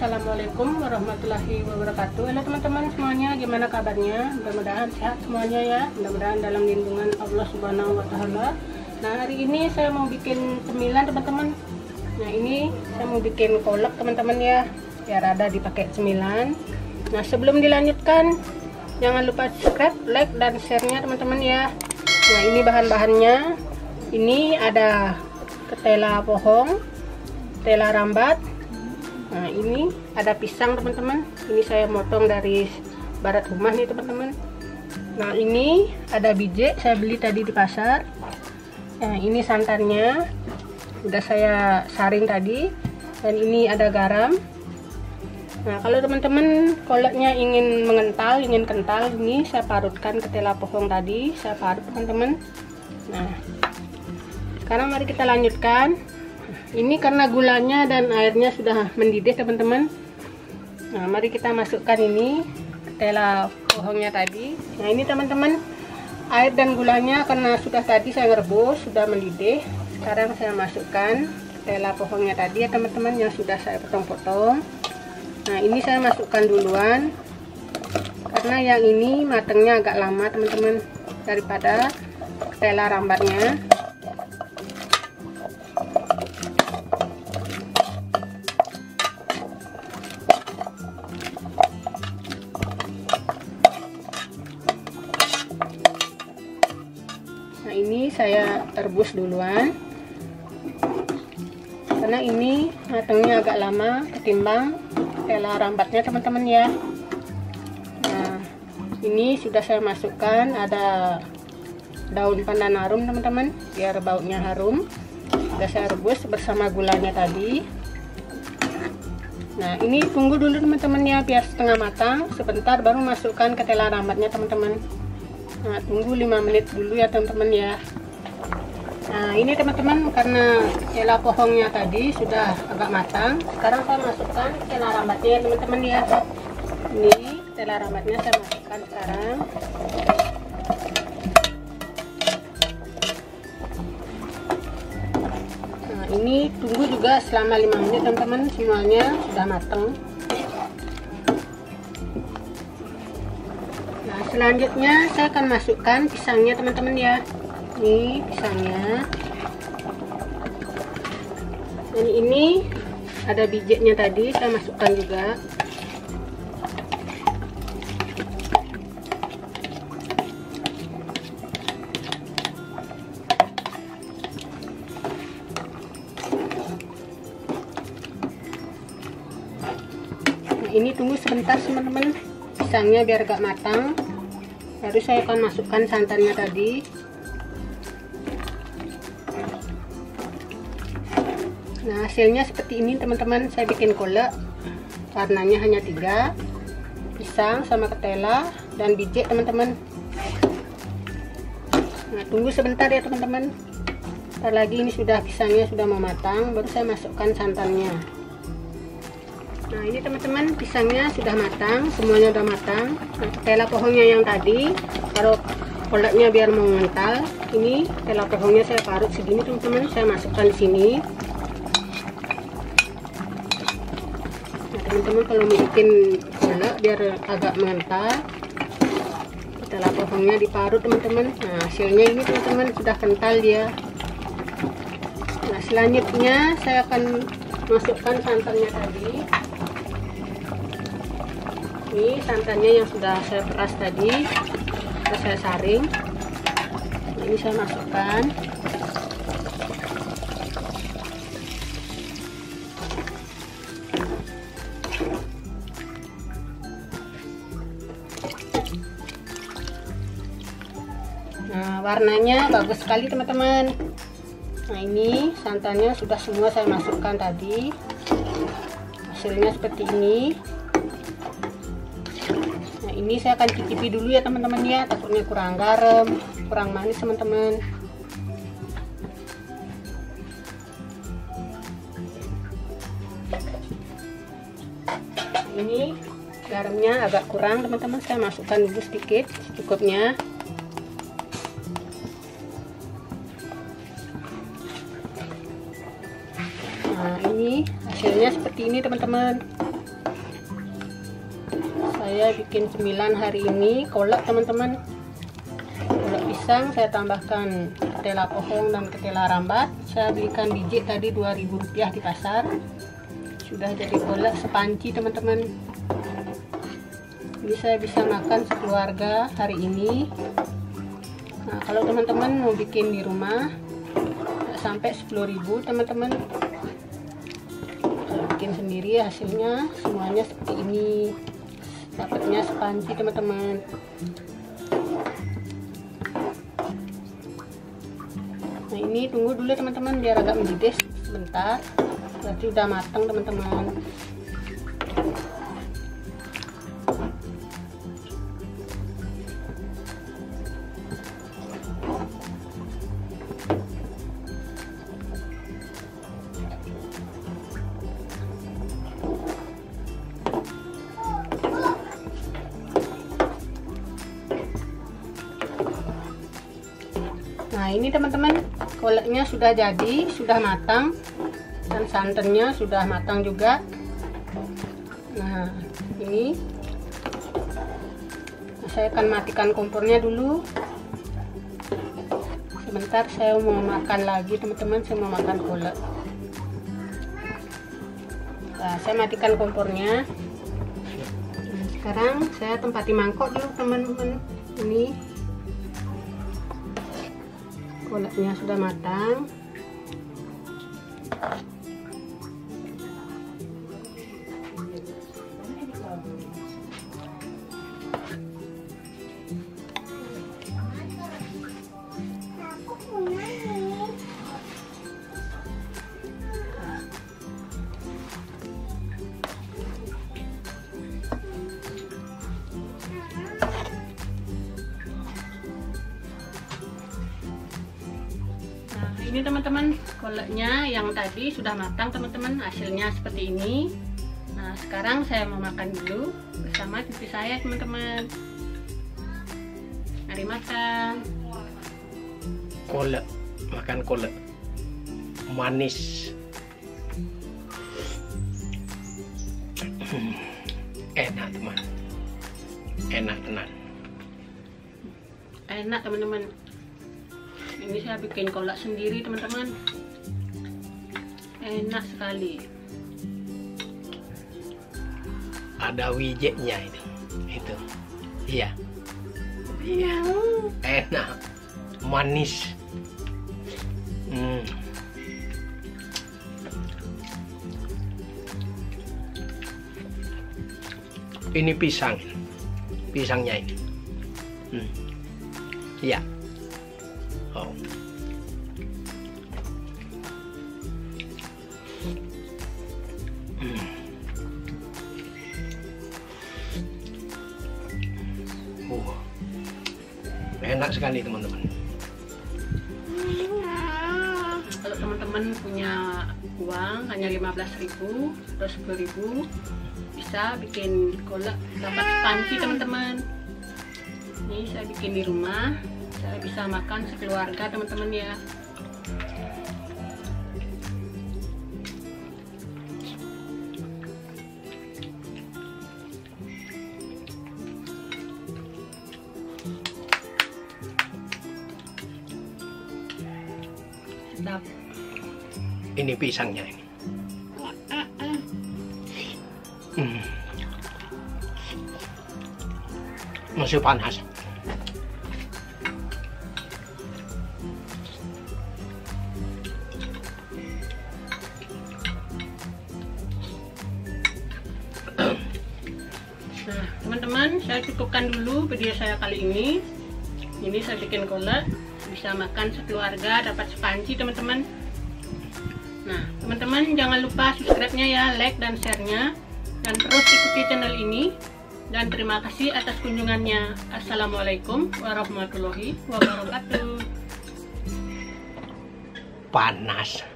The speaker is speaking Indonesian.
Assalamualaikum warahmatullahi wabarakatuh Halo teman-teman semuanya gimana kabarnya mudah-mudahan sehat semuanya ya mudah-mudahan dalam lindungan Allah subhanahu wa ta'ala nah hari ini saya mau bikin cemilan teman-teman nah ini saya mau bikin kolak teman-teman ya biar ada dipakai cemilan nah sebelum dilanjutkan jangan lupa subscribe like dan share-nya teman-teman ya nah ini bahan-bahannya ini ada ketela pohon, ketela rambat nah ini ada pisang teman-teman ini saya motong dari barat rumah nih teman-teman nah ini ada biji saya beli tadi di pasar nah ini santannya udah saya saring tadi dan ini ada garam nah kalau teman-teman kolaknya ingin mengental ingin kental ini saya parutkan ketela pohon tadi saya parut teman-teman nah sekarang mari kita lanjutkan ini karena gulanya dan airnya sudah mendidih teman-teman nah mari kita masukkan ini tela pohongnya tadi nah ini teman-teman air dan gulanya karena sudah tadi saya rebus sudah mendidih sekarang saya masukkan tela pohongnya tadi ya teman-teman yang sudah saya potong-potong nah ini saya masukkan duluan karena yang ini matangnya agak lama teman-teman daripada tela rambatnya saya rebus duluan karena ini matangnya agak lama ketimbang tela rambatnya teman-teman ya nah ini sudah saya masukkan ada daun pandan harum teman-teman biar baunya harum sudah saya rebus bersama gulanya tadi nah ini tunggu dulu teman-teman ya biar setengah matang sebentar baru masukkan ke tela rambatnya teman-teman nah tunggu 5 menit dulu ya teman-teman ya Nah, ini teman-teman karena ela pohongnya tadi sudah agak matang. Sekarang saya masukkan tela rambatnya teman-teman ya. Ini tela rambatnya saya masukkan sekarang. Nah, ini tunggu juga selama 5 menit teman-teman semuanya sudah matang. Nah, selanjutnya saya akan masukkan pisangnya teman-teman ya ini pisangnya dan ini ada bijinya tadi saya masukkan juga nah, ini tunggu sebentar teman-teman pisangnya biar gak matang baru saya akan masukkan santannya tadi nah hasilnya seperti ini teman-teman saya bikin kole warnanya hanya tiga pisang sama ketela dan biji teman-teman nah tunggu sebentar ya teman-teman Ntar lagi ini sudah pisangnya sudah mau matang, baru saya masukkan santannya. Nah ini teman-teman pisangnya sudah matang, semuanya sudah matang. Nah ketela pohonnya yang tadi, taruh kolaknya biar mengental. Ini ketela pohonnya saya parut segini teman-teman, saya masukkan di sini. teman-teman kalau mau bikin gula biar agak mengental kita lapangnya diparut teman-teman nah hasilnya ini teman-teman sudah kental dia nah selanjutnya saya akan masukkan santannya tadi ini santannya yang sudah saya peras tadi sudah saya saring ini saya masukkan nah warnanya bagus sekali teman-teman nah ini santannya sudah semua saya masukkan tadi hasilnya seperti ini nah ini saya akan cicipi dulu ya teman-teman ya takutnya kurang garam kurang manis teman-teman ini garamnya agak kurang teman-teman saya masukkan dulu sedikit cukupnya. nah ini hasilnya seperti ini teman-teman saya bikin 9 hari ini kolak teman-teman kolak pisang saya tambahkan ketela pohon dan ketela rambat saya belikan biji tadi 2000 rupiah di pasar sudah jadi kolak sepanci teman-teman bisa saya bisa makan sekeluarga hari ini nah kalau teman-teman mau bikin di rumah sampai 10.000 teman-teman bikin sendiri hasilnya semuanya seperti ini dapatnya sepanci teman-teman nah ini tunggu dulu teman-teman biar agak mendidih sebentar berarti udah matang teman-teman nah ini teman-teman koleknya sudah jadi sudah matang dan santannya sudah matang juga nah ini nah, saya akan matikan kompornya dulu sebentar saya mau makan lagi teman-teman saya mau makan kolek nah, saya matikan kompornya nah, sekarang saya tempati mangkok dulu teman-teman ini kulitnya sudah matang ini teman-teman koleknya yang tadi sudah matang teman-teman hasilnya seperti ini nah sekarang saya mau makan dulu bersama cucu saya teman-teman mari makan kolek makan kolek manis enak teman enak teman enak teman-teman ini saya bikin kolak sendiri teman-teman enak sekali ada wijeknya itu itu iya iya enak manis hmm. ini pisang pisangnya ini hmm. iya enak sekali teman-teman kalau teman-teman punya uang hanya 15.000 terus 10.000 bisa bikin kolak dapat panci teman-teman ini saya bikin di rumah saya bisa makan sekeluarga teman-teman ya sedap ini pisangnya ini hmm. masih panas nah, teman-teman saya cukupkan dulu video saya kali ini ini saya bikin kolak bisa makan sekeluarga dapat sepanci teman-teman nah teman-teman jangan lupa subscribe-nya ya like dan share-nya dan terus ikuti channel ini dan terima kasih atas kunjungannya assalamualaikum warahmatullahi wabarakatuh panas